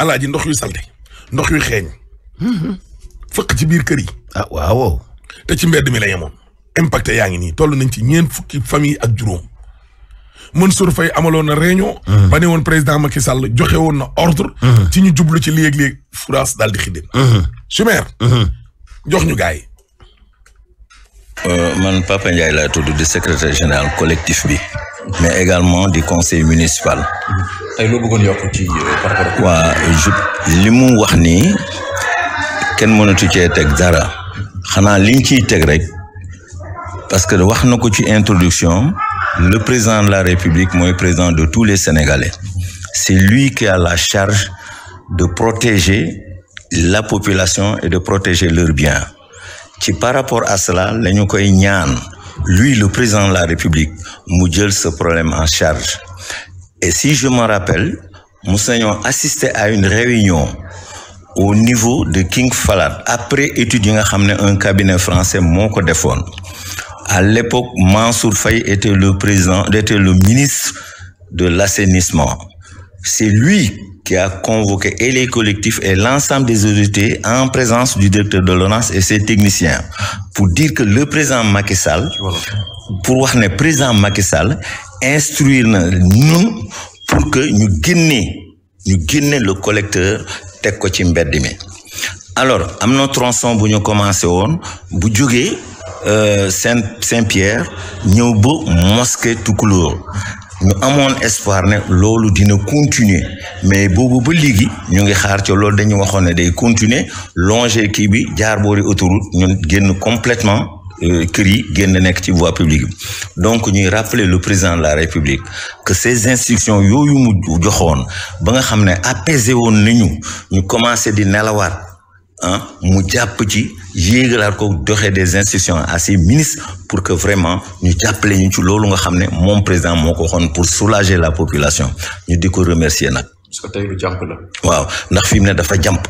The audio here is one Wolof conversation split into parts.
alaaji ndox yu salte ndox yu xeeñ. fëkk ci biir kër yi. ah waaw. te ci mbedd mi la yemoon. impacté yaa ngi nii toll nañ ci ñeent fukki famille ak juróom. Mansour Faye amaloon na réunion. Mm-hmm. ba ne woon président Macky Sall joxe woon na ordre. Mm-hmm. ci ñu jublu ci léeg-léeg France daal di xiddeen. Chimère. Mm-hmm. jox ñu gars euh, man Papa Ndiaye laa tudd di secretaire général collectif bi. mais également du conseil municipal. tey yokk ci euh, par rapport. waa li mu wax nii kenn mënatu cee teg dara xanaa liñ ciy teg rek parce que wax na ko ci introduction le président de la république mooy président de tous les sénégalais c'est lui qui a la charge de protéger la population et de protéger leur bien ci par rapport à cela la ñu koy ñaan. lui le président de la République mu jël ce problème en charge et si je me rappelle mos nañoo assister à une réunion au niveau de King Fahd après étude yi nga xam ne un cabinet français moo ko defoon à l'époque Mansour Faye était le président était le ministre de l'assainissement c'est lui qui a convoqué et les collectifs et l'ensemble des autorités en présence du directeur de l'ONAS et ses techniciens pour dire que le président Macky Sall pour wax ne président Macky Sall instruire na ñun pour que ñu génnee ñu génne le collecteur teg ko ci mbedd mi alors am na tronçon bu ñu commencé woon bu jógee euh, Saint Saint-Pierre ñëw ba mosquée Toucouleur ñu amoon espoir ne loolu dina continuer mais boobu ba léegi ñu ngi xaar ci loolu dañu waxoon ne day continuer longer kii bi jaar boori autoroute ñun génn complètement euh, kër yi génn nekk ci voie publique bi donc ñuy rappeler le président de la république que ces instructions yooyu mu joxoon ba nga xam ne apaisé woon nañu ñu commencé di nelawaat ah mu jàpp ci yéegalaat ko doxee des institutions à ses ministres pour que vraiment ñu jàppale ñu ci loolu nga xam ne moom président moo ko waxoon pour soulager la population ñu di ko remercier nag. parce que waaw ndax fi mu ne dafa jàmp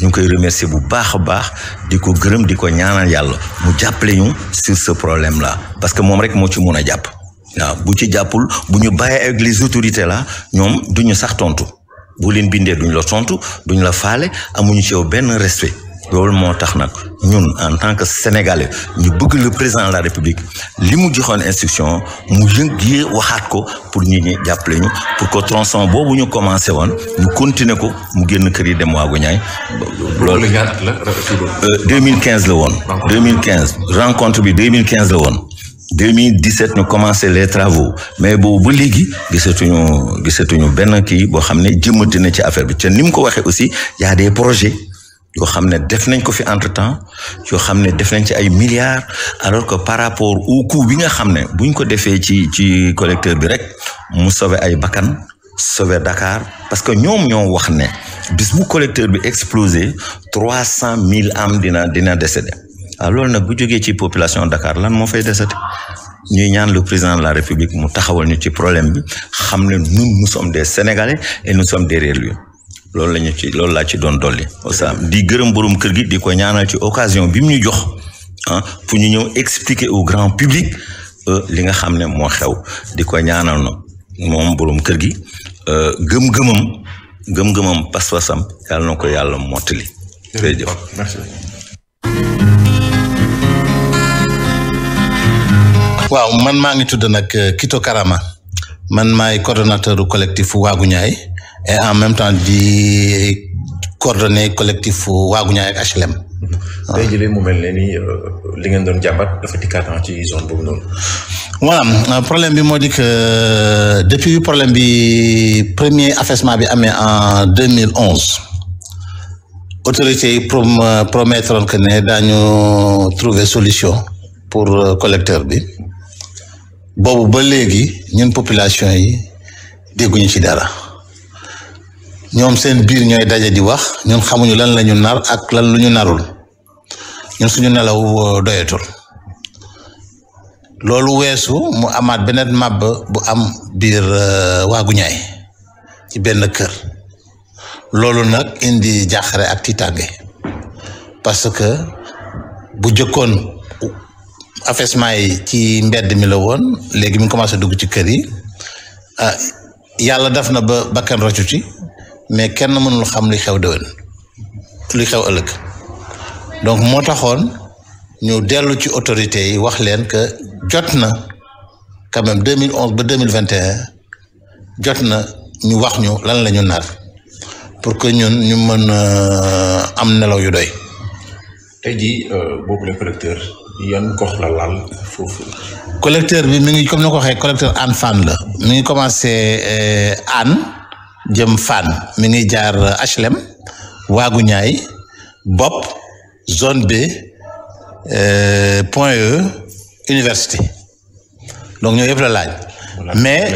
ñu ngi koy remercier bu baax a baax di ko gërëm di ko ñaanal yàlla mu jàppale ñu sur ce problème la parce que moom rek moo ci mun a jàpp waaw bu ci jàppul bu ñu bàyyee avec les autorités là ñoom du ñu sax tontu. bu leen bindee duñu la sontu duñu la faale amuñu ci benn respect loolu moo tax nag ñun en tant que sénégalais ñu bëgg le président de la république li mu joxoon instruction mu yi waxaat ko pour nit ñi jàppale ñu pour que tronçon boobu ñu commencé woon ñu continuer ko mu génn kër yi dem waagu ñaay. loolu 2015 euh, la woon. 2015 rencontre bi 2015 la woon. 2017 ñu commencé les travaux mais boobu ba léegi gisatuñu gisatuñu benn kii boo xam ne jëmmati na ci affaire bi ci ni mu ko waxee aussi y a des projets yoo xam ne def nañ ko fi entre temps yoo xam ne def nañ ci ay milliards alors que par rapport au coût bi nga xam ne buñ ko defee ci ci collecteur bi rek mu sauver ay bakkan sauver Dakar parce que ñoom ñoo wax ne bis collecteur bi explosé trois cent mille âmes dina dina décédé waaw ah, nag bu jógee ci population Dakar lan moo fay desati ñuy ñaan le président de la République mu taxawal ñu ci problème bi xam ne ñun nous sommes des Sénégalais et nous sommes derrière lui loolu la ñu ci loolu laa ci doon dolli. Ousmane di gërëm borom kër gi di ko ñaanal ci occasion bi mu ñu jox ah pour ñu ñëw expliquer au grand public euh, li nga xam ne moo xew di ko ñaanal no moom borom kër gi euh, gëm-gëmam gëm-gëmam pas-pasam yàlla na ko yàlla mottali. waaw man maa ngi tudd nag euh, Kito Karama man maay coordonnateur du collectif Waagu Ñaay et en même temps di coordonné collectif Waagu Ñaay ak HLM. tey mu mel ne ni euh, li ngeen doon jàmbat dafa dikkaat ci zone boobu noonu. voilà euh, problème bi moo di que depuis problème bi premier affaissement bi amee en deux mille onze autorités yi promettre que ne daañu trouver solution pour collecteur bi. boobu ba léegi ñun population yi dégguñu ci dara ñoom seen biir ñooy daje di wax ñun xamuñu lan la ñu nar ak lan lu ñu narul ñun suñu nelaw euh, doyatul loolu weesu mu amaat beneen màbb bu am biir euh, waagu ñaay ci benn kër loolu nag indi jaaxare ak tiitaange parce bu jëkkoon affaissement yi ci mbedd mi la woon léegi mi ngi commencé dugg ci kër yi ah yàlla def na ba bakkan roccu ci mais kenn mënul xam li xew déwén li xew ëllëg donc moo taxoon ñu dellu ci autorités yi wax leen que jot na quand même 2011 ba 2021 jot na ñu wax ñu lan la ñu naar pour que ñun ñu mën euh, am nelaw yu doy. tey jii euh, boobu le collecteur. yan gox la laal collecteur bi mi ngi comme ni ko waxee collecteur Hann Fann la mi ngi commencé eh, Hann jëm Fann mi ngi jaar HLM waagu ñaay bopp zone B eh, point E université donc ñoo yëpp la laaj. mais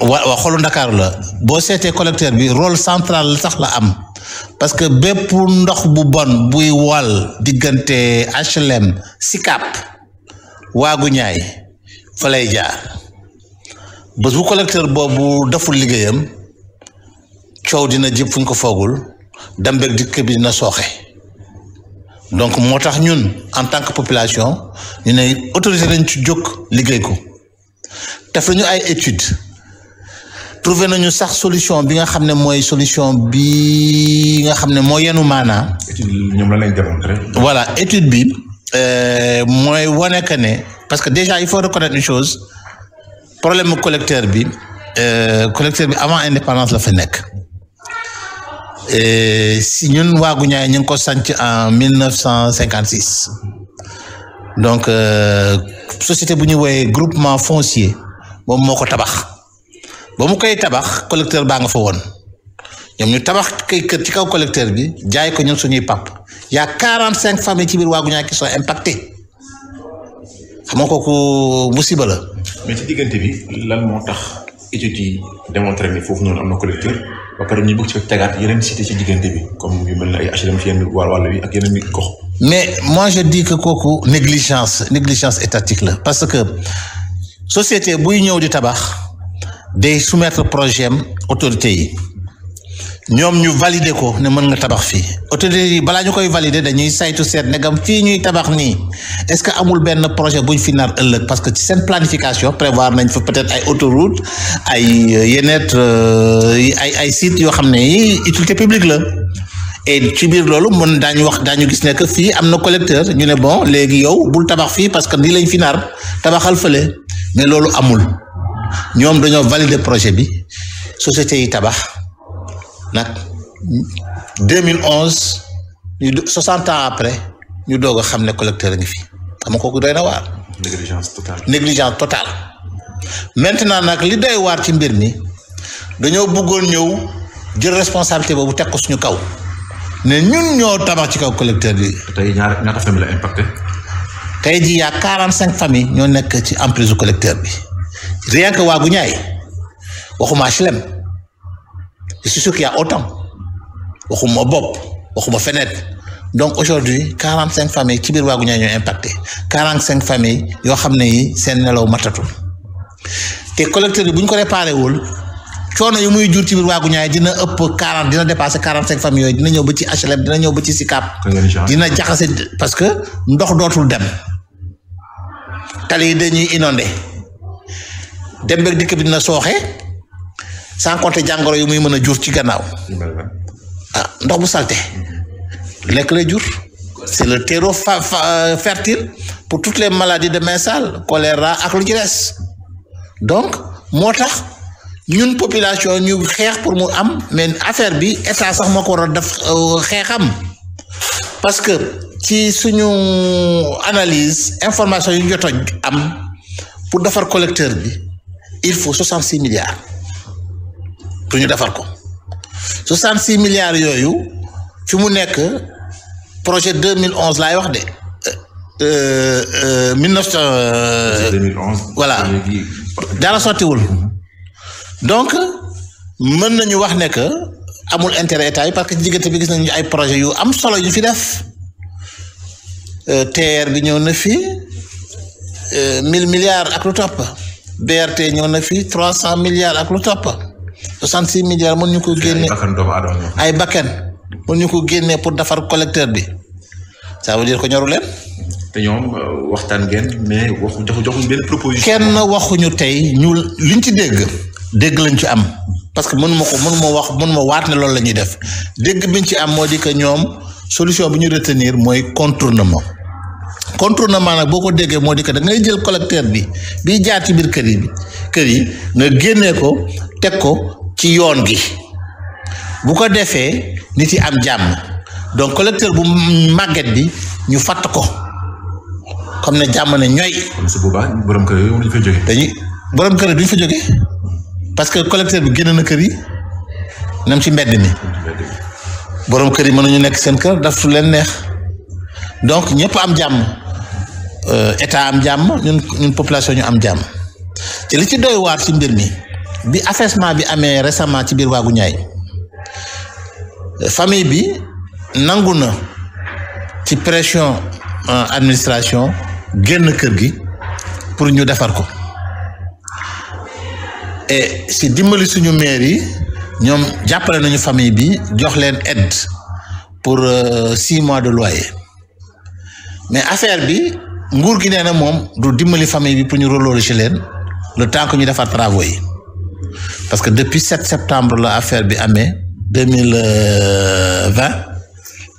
waaw waaw xolu ndakaaru la boo seetee collecteur bi rôle central la sax la am parce que bépp ndox bu bon buy wal diggante HLM Sicap waagu ñaay fa lay jaar bés bu collecteur boobu daful liggéeyam coow dina jib fu ñu ko foogul dem beeg dikk bi dina sooxe donc moo tax ñun en tant que population ñu ne autorité dañ ci jóg liggéey ko def nañu ay étude trouvé nañu sax solution bi nga xam ne mooy solution bi nga xam ne moo yenu maanaa. étude ñoom la lañ voilà étude bi euh, mooy wane que ne parce que déjà il faut reconnaître une chose problème collecteur bi euh, collecteur bi avant indépendance la fa nekk si ñun waagu ñaay ñu ngi ko sanc en mille neuf cent cinquante six. donc euh, société bu ñu wooyee groupement foncier moom moo ko tabax ba mu koy tabax collecteur baa nga fa woon ñoom ñu tabax kay kër ci kaw collecteur bi jaay ko ñun suñuy pap y a quarante cinq familles ci biir Waaguñaa qui sont impactées xam nga kooku musiba la. mais ci diggante bi lan moo tax études yi démontré foofu noonu am na collecteur ba pare ñu bëgg ci tegaat yeneen cité ci diggante bi comme yu mel ne ay HLM fi yenn wàll wàll bi ak yeneen gox. mais moi je dis kooku négligence négligence étatique la parce que société buy ñëw di tabax de soumettre projet am autorité yi ñoom ñu valider ko ne mën nga tabax fii autorité yi balaa ñu koy valider dañuy saytu seet negam fii ñuy tabax nii est-ce que amul benn projet buñ fi nar ëllëg parce que ci seen planification prévoir nañ fa peut-être ay autoroute ay euh, yeneen euh, ay ay sites yoo xam ne yi utilité publique la ci biir loolu mën daañu wax daañu gis ne que fii am na collecteur ñu ne bon léegi yow bul tabax fii parce que nii lañ fi naar tabaxal fële mais loolu amul ñoom dañoo valider projet bi société yi tabax nag 2011 ñu 60 ans après ñu doog a xam ne collecteur a ngi fii xam nga kooku doy na waar. négligence totale maintenant nag li doy waar ci mbir ni dañoo bëggoon ñëw jël responsabilité boobu teg ko suñu kaw. ne ñun ñoo tabax ci kaw collecteur bi. tey ñaar ñaata famille la impacté. tey ji yaa quarante cinq famille ñoo nekk ci emprise collecteur bi rien que waa Guñaay waxuma HLM je suis qu'il y a autant waxuma bopp waxuma fenêtre donc aujourd'hui quarante cinq familles ci biir waagu Guñaay ñoo impacté quarante cinq familles yoo xam ne seen nelaw matatu te collecteur bi bu ñu ko coono yi muy jur ci biir waagu ñaay dina ëpp quarante dina dépassé quarante cinq famille yooyu dina ñëw ba ci HLM dina ñëw ba ci SICAP dina jaxase parce que ndox dootul dem tali yi dañuy inondé dem beeg dikk bi dina sooxe sans compter jàngoro yu muy mën a jur ci gannaaw ah ndox bu salte lekk lay jur c'est le terreau euh, fertile pour toutes les maladies de mensal choléra ak lu ci donc moo tax ñun population ñu xeex pour mu am mais affaire bi état sax ma ko war a def euh, xeexam parce que ci suñu analyse information yu jot a am pour defar collecteur bi il faut soixante six milliards pour ñu defar ko soixante six milliards yooyu fi mu nekk projet deux mille onze laay wax de euh, euh, mille neuf cent voilà donc mën nañu wax ne que amul intérêt yi parce que ci diggante bi gis nañu ay projet yu am solo yu fi def euh, TER bi ñëw na fi euh, mille milliards ak lu topp BRT ñëw na fi trois cent milliards ak lu topp soixante six milliards mën ñu ko génne ay bakken mën ñu ko génne pour defar collecteur bi ça veut dire que ñoru te ñoom euh, waxtaan ngeen mais waxu joxu joxuñ benn proposition kenn waxuñu tey ñu liñ ci dégg dégg lañ ci am parce que mënu ma ko mënu wax mënu ma waat ne loolu la ñuy def dégg biñ ci am moo dikk ñoom solution bi ñu retenir mooy contournement contournement nag boo ko déggee moo di que da ngay jël collecteur bi bi jaar ci biir kër yi kër yi nga génnee ko teg ko ci yoon gi bu ko defee nit yi am jàmm donc collecteur bu màgget bi ñu fatt ko xam ne jàmm ne ñooy. kon su boobaa borom kër yooyu dañu fay kër duñ fa jógee. parce que collecteur bi génn na kër yi nam ci mbedd mi borom kër yi mën nañu nekk seen kër daf leen neex donc ñëpp am jàmm euh, état am jàmm ñun ñun ñu am jàmm te li ci doy waar ci mbir mi bi affaissement bi amee résement ci biir waagu ñaay famille bi nangu na ci pression euh, administration génn kër gi pour ñu defar ko. et si dimbali suñu maire yi ñoom jàppale nañu famille bi jox leen aide pour euh, six mois de loyer mais affaire bi nguur gi nee na moom du dimbali famille bi pour ñu relogé leen le temps que ñu defar travaux yi parce que depuis sept septembre la affaire bi amee deux mille euh, vingt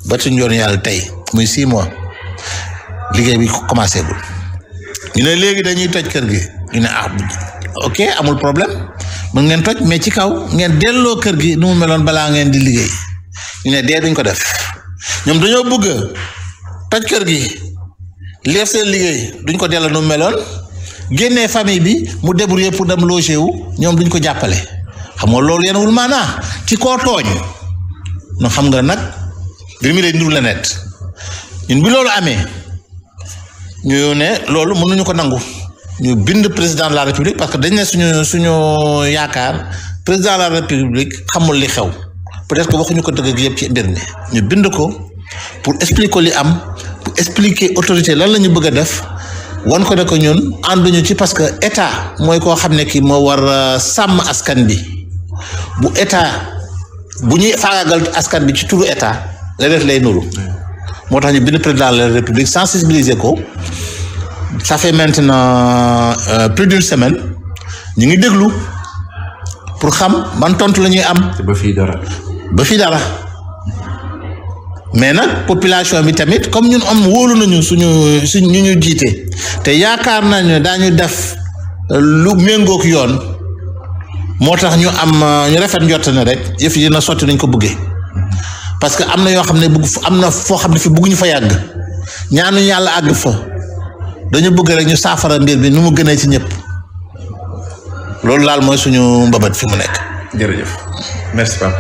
ba ci njoon yàlla tey muy six mois liggéey bi commencé gul ñu ne léegi dañuy toj kër gi ñu ne ah. ok amul problème mën ngeen toj mais ci kaw ngeen delloo kër gi nu mu meloon balaa ngeen di liggéey ne dee duñ ko def ñoom dañoo bëgg toj kër gi leef seen liggéey duñ ko delloo nu meloon génnee famille bi mu débrouiller pour dem loger wu ñoom duñ ko jàppale xam nga loolu yéen maanaa ci ko tooñ no xam nga nag mbir mi lay ndur ñun bi loolu amee ñu ne loolu mënuñu ko nangu. ñu bind président de la république parce que dañ ne suñu suñu yaakaar président de la république xamul li xew peut-être que waxuñu ko dëgg yëpp ci mbir mi ñu bind ko pour expliquer li am pour expliquer autorité lan lañu bëgg a def wan ko ne ko ñun ànduñu ci parce que état mooy koo xam ne kii moo war sàmm askan bi bu état bu ñuy faagaagal askan bi ci turu état la def lay nuru moo tax ñu bind président de la république sensibiliser ko. ça fait maintenant euh, plus d'une semaine ñu ngi déglu pour xam ban tontu la ñuy am. ba fii dara. ba fii dara mais nag population bi tamit comme ñun am wóolu nañu suñu suñ ñu ñu jiite te yaakaar nañu daañu def euh, lu méngook yoon moo tax ñu am euh, ñu rafet njott na rek yëf yi na sotti nañ ko bëggee parce que am na yoo xam ne bëgg am na foo xam ne fi bëgguñu fa yàgg ñaanuñu yàlla àgg fa. dañu bëgg rek ñu saafara mbir bi nu mu gënee ci ñëpp loolu daal mooy suñu mbabat fi mu nekk. jërëjëf merci Pape.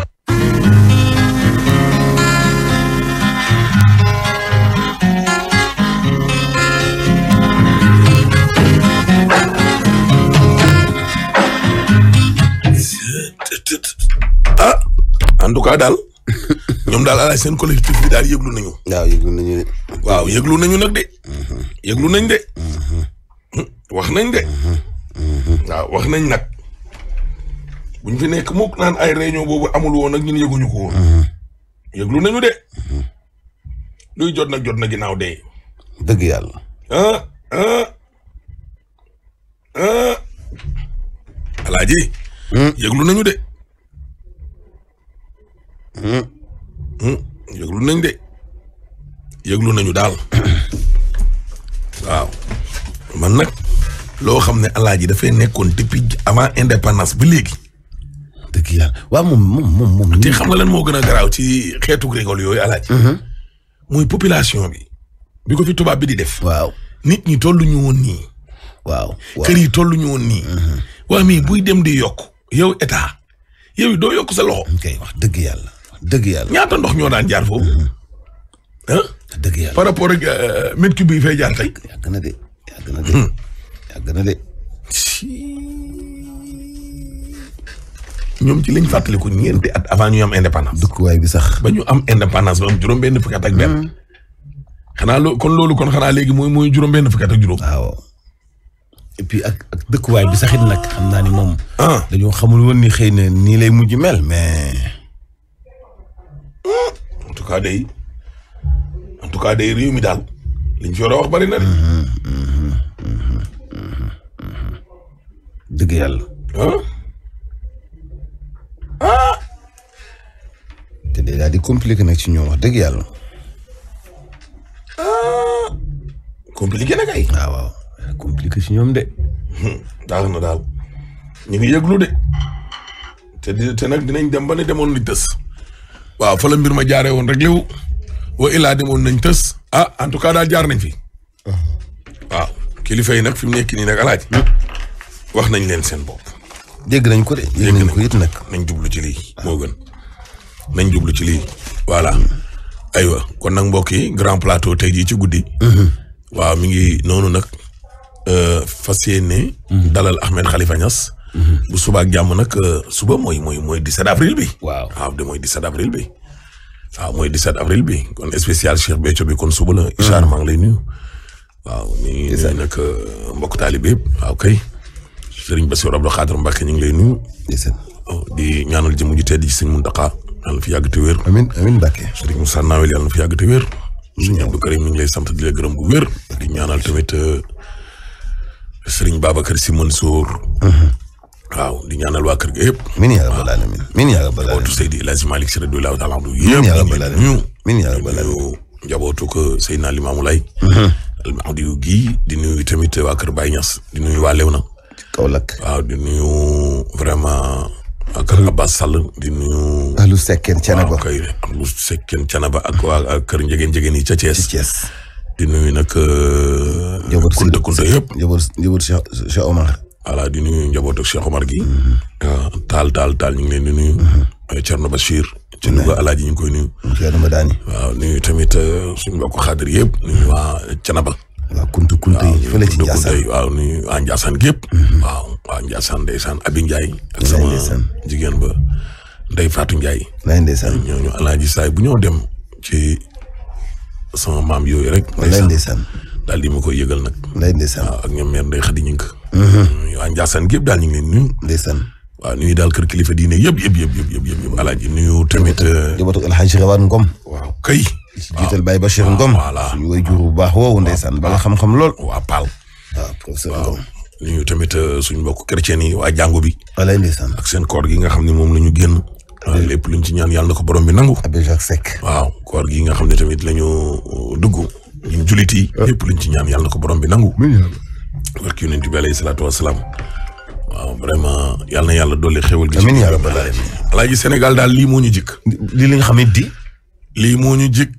Ah, en tout daal ñoom daal alaaj seen collectif bi daal yëglu nañu. waaw yëglu nañu de. de. Mm-hmm. yëglu nañ de. Mm-hmm. wax nañ de. Mm-hmm. waaw wax nañ nag buñ fi nekk mukk naan ay réunion boobu amul woon ak ñun yëguñu ko woon. yëglu nañu de. luy jot nag jot na ginnaaw de. dëgg yàlla. ah ah, ah. alaaji. Mm. yëglu nañu de. Mm. Hmm, yëglu nañ de yëglu nañu daal waaw man nag loo xam ne alaaji dafay nekkoon depuis avant indépendance ba léegi. dëgg yàlla waaw moom moom moom. te xam nga lan moo gën a garaaw ci xeetu rigol yooyu alaaji. Mm-hmm. muy population bi. bi ko fi tubaab bi di def. waaw nit ñi tollu ñu woon nii. waaw kër yi tollu ñu woon nii. Mm-hmm. waa mii buy dem di yokk yow état yow doo yokk sa loxo. ok wax dëgg yàlla. dëgg yàlla ñaata ndox ñoo daan jaar foofu. dëgg yàlla par rapport ak euh, mètre cube yi fay jaar tey. yàgg na de yàgg na de yàgg na de. ñoom ci lañ fàttaliku ñeenti at avant ñu am indépendance. dëkkuwaay bi sax. ba ñu am indépendance ba am juróom-benn fukki ak benn. xanaa loo kon loolu kon xanaa léegi mooy mooy juróom-benn fukki at ak juróom. waaw ak dëkkuwaay bi saxit nag xam naa ni moom. Ah. dañoo xamul woon ni xëy na nii lay mujj mel mais. en tout cas day en tout cas day réew mi daal liñ fi war a wax bari na de. dëgg ah! te day di compliqué nag ci ñoom wax dëgg yàlla. Ah! compliqué na kay. waaw ah, waaw compliqué ci ñoom de. Hmm, daal na daal ñu ngi yëglu de te te nag dinañ dem ba ne demoon li des. waaw fa la mbir ma jaaree woon rek léwu wa illaa demoon nañ tës ah en tout cas daal jaar nañ fi uh-huh. waaw kilifa yi nag fi mu nekk nii nag alaaj hmm? wax nañ leen seen bopp. dégg nañ ko de. dégg nañ ko it nag nañ jublu ci lii moo gën jublu ci lii voilà. Hmm. aywa kon nag mbokk yi grand plateau te jii ci guddi. Hmm. waaw mi ngi noonu nag euh, fas yéene. dalal Ahmed Khalifa Niass. bu subaa jàmm nag euh, suba mooy mooy mooy 17 avril bi. waaw waaw de mooy 17 bi. waaw mooy 17 avril bi kon spécial Cheikh bi kon suba la. Richard hmm. maa ngi lay nuyu. waaw ñu ngi nag euh, mbokk taalibe yëpp waaw kay. Sëriñ Bassirou ñu ngi lay nuyu. Oh, di ñaanal jëmm ju tedd ji yàgg te wér. amiin amiin Mbacké. fi yàgg te wér. Sëriñ Abdou Karim mi ngi lay sant di gërëm bu wér. di ñaanal euh, waaw di ñaanal waa kër gi yëpp. min yaa rabbal alamin min yaa rabbal alamin njabootu Seydi El Hadji Malick Sy radiyallahu ta'ala anhu yëpp. min yaa rabbal alamin min yaa rabbal alamin njabootu ko Seydina Limamou Laye. Mhm. almahdiyu gi di nuyu tamit waa kër Baye Niass di nuyu waa Léona. Kaolack waaw di nuyu vraiment. ak kër Abbas Sall di nuyu. Alu Sekken Canaba waaw kay Alu Sekken Canaba ak waa kër Njegen Njegen yi ca Thiès. Thiès di nuyu nag. Euh, Kunta Kunta yëpp. njabootu Cheikh Omar. voilà di nuyu njabootu Cheikh Omar gi. Mhm. Ah, taal taal taal ñu ngi leen di nuyu. Mhm. Eh, Thierno Bachir. ci Louga alaaji ñu ngi koy nuyu. Mm, Thierno tamit eh, suñu mbokku xaadir yëpp. nuyu waa Canaba. kuntu kuntu yi fële ci Ndiassane gépp. Mhm. waaw waa Ndiassane ndeysaan Abi Ndiaye. ak sama jigéen ba Ndeye Fatou bu ñoo dem ci sama maam yooyu rek. ndeysaan di ma koy yëgal nag. lay ndeysaan waa mm-hmm. Ndiassane gépp daal ñu ngi leen nuyu. ndeysaan waaw nuyu daal kër kilifa diine yëpp yëpp yëpp yëpp yëpp yëpp alaaji nuyu tamit. jabatu euh, alxaaji Rawaan Ngom. waaw kay. ci jiital Baye ah, Ngom. voilà suñu way jur bu baax woowu ndeysaan bala xam-xam lool. waa Paal. Ah, waaw professeur Ngom. tamit euh, suñu mbokk chrétien yi waa jàngu bi. walaay ndeysaan ak seen koor gi nga xam ne moom la ñu génn. Ah, lépp luñ ci ñaan yàlla na ko borom bi nangu. Abdou Jacques Seck. waaw koor gi nga xam ne tamit la euh, dugg. ñun jullit yi. lépp luñ ci ñaan yàlla na ko borom bi nangu. barke yonent bi alayhi salaatu wasalaam waaw vraiment yal na yàlla dolli xewal gi amiin yaa rabbal aalamiin alaaji daal lii moo ñu jik li li nga xam ne di lii moo ñu jik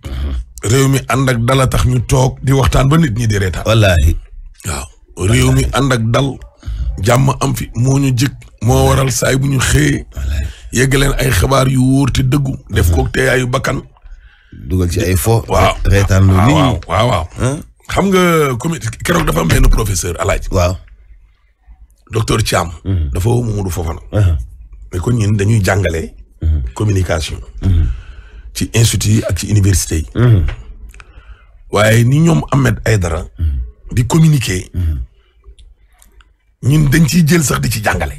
réew mi ànd ak dala tax ñu toog di waxtaan ba nit ñi di reetaan wallaahi waaw réew mi ànd ak dal jàmm am fi moo ñu jik moo waral saay bu ñu xëyee yegg ay xabaar yu wóor te dëggu def mhm. ko teeyaayu bakkan dugal ci ay fo reetaan nit ñi waaw waaw xam nga comité keroog dafa am benn professeur alaaj waaw docteur Thiam. Mhm. dafa woo Mamadou Fofana. mais uh-huh. kon ñun dañuy jàngale. Mhm. communication. Mhm. ci institut yi ak ci université waaye ni ñoom Ahmed Aidara. di communiquer. ñun dañ ciy jël sax di ci jàngale.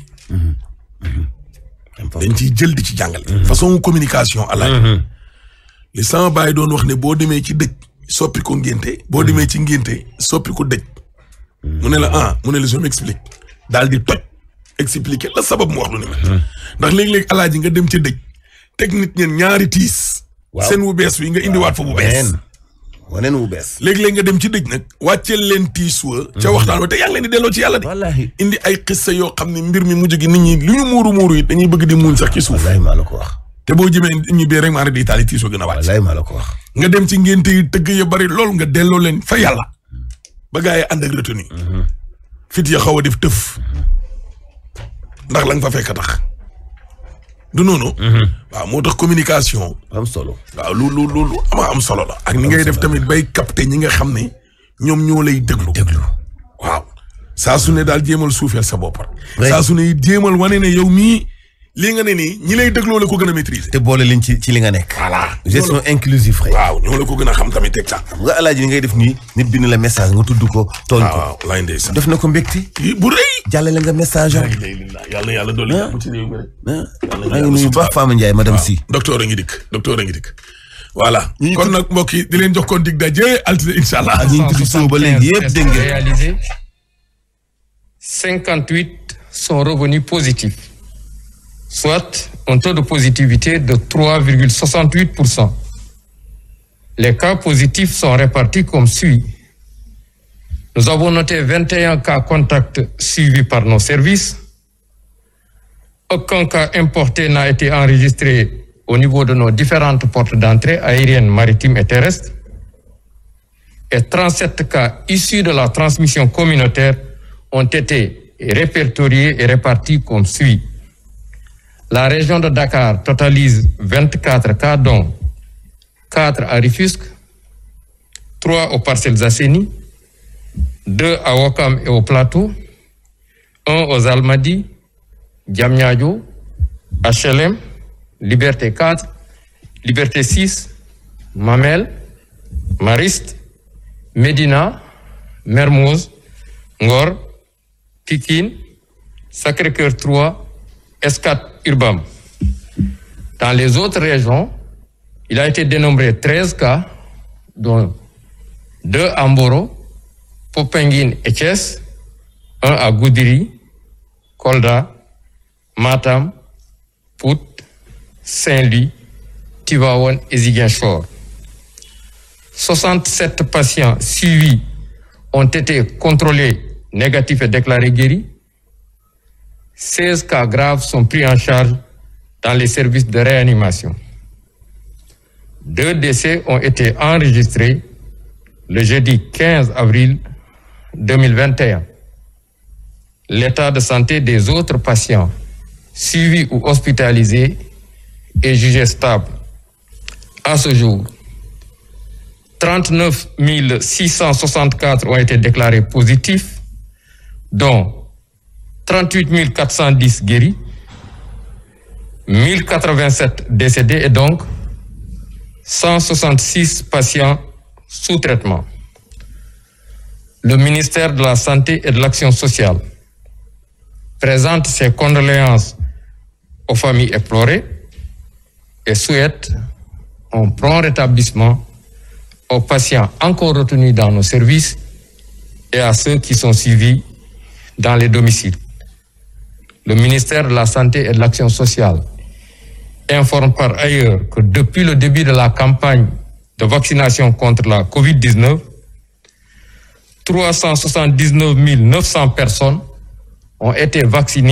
dañ ciy jël di ci jàngale. façon communication alaaj li sama baay doon wax ne boo demee ci dëkk. soppiku ngénte boo demee ci ngénte soppiku dëj mu ne la ah mu ne la je m'explique daal di toj expliquer la sabab mu wax lu ne ma hmm. ndax léegi-léegi alaaji nga dem ci dëj teg nit ñaari tiis seen wu bees wi nga indiwaat fa bu bees waneen wu bees léegi-léegi nga dem ci dëj nag wàcceel leen tiis wa ca hmm. waxtaan wa te yaa ngi leen di delloo ci yàlla de indi ay xissa yoo xam ne mbir mi mu gi nit ñi lu ñu muuru muuru yi dañuy bëgg di muuñ sax ci suuf te boo jëmee ñu bee rek maa ne di a wàcc wallaay la ko wax nga dem ci ngénte yi tëgg ya bari lool nga delloo leen fa yàlla ba gaa yi ànd ak retenu mhm. fit ya xaw a def tëf ndax la nga fa fekk tax du noonu. Mhm. waaw moo tax communication. solo waaw lu lu lu ama am solo la. ak ni ngay def tamit bay capter ñi nga xam ne ñoom ñoo lay déglu. déglu waaw saa su daal jéemal suufeel sa bopp. saa su ne jéemal yow mii lii nga ne nii ñi lay dégloo la ko gën a maîtriser. te boole leen ci ci li nga nekk. voilà gestion inclusive rek. waaw ñoo la ko gën a xam tamit teg sax. xam nga alaaji ngay def nii nit bind la message nga tudd ko. tooñ ko def na ko mbégte. bu rëy. jàllale nga message am. yàlla na yàlla dolli ah. jàmm ci réew mi ah. maa ngi nuyu baax Fama Ndiaye madame Sy. docteur a ngi dikk docteur a ngi dikk. voilà kon nag mbokk yi di leen jox kon dig daje altine incha allah. ak ah, ñi ba léegi yëpp dégg ngeen. réalisé cinquante huit sont revenus positifs soit un taux de positivité de 3,68%. Les cas positifs sont répartis comme suit. Nous avons noté 21 cas contacts suivis par nos services. Aucun cas importé n'a été enregistré au niveau de nos différentes portes d'entrée aériennes, maritimes et terrestres. Et 37 cas issus de la transmission communautaire ont été répertoriés et répartis comme suit. La région de Dakar totalise 24 cas dont 4 à Rufisque, 3 aux Parcelles Assainies, 2 à Ouakam et au Plateau, 1 aux Almadies, Diamniadio, HLM, Liberté 4, Liberté 6, Mamel, Mariste, Médina, Mermoz, Ngor, Pikine, Sacré-Cœur 3, Escate Urbam. Dans les autres régions, il a été dénombré 13 cas, dont 2 Mboro, Popenguine et Thiès, 1 à Goudiri, Kolda, Matam, Pout, Saint-Louis, Tivaouane et Ziguinchor. 67 patients suivis ont été contrôlés négatifs et déclarés guéris. 16 cas graves sont pris en charge dans les services de réanimation. Deux décès ont e été enregistrés le jeudi 15 avril 2021. L'état de santé des autres patients suivis ou hospitalisés est jugé stable. À ce jour, 39 664 ont été déclarés positifs, dont 38 410 guéris, 1087 décédés et donc 166 patients sous traitement. Le ministère de la Santé et de présente ses condoléances aux familles éplorées et souhaite un prompt encore retenus dans nos services et à ceux qui dans les domiciles. Le ministère de Santé et sociale informe par ailleurs que depuis le début de la campagne de vaccination contre la COVID-19, 379 900 personnes ont été vaccinées.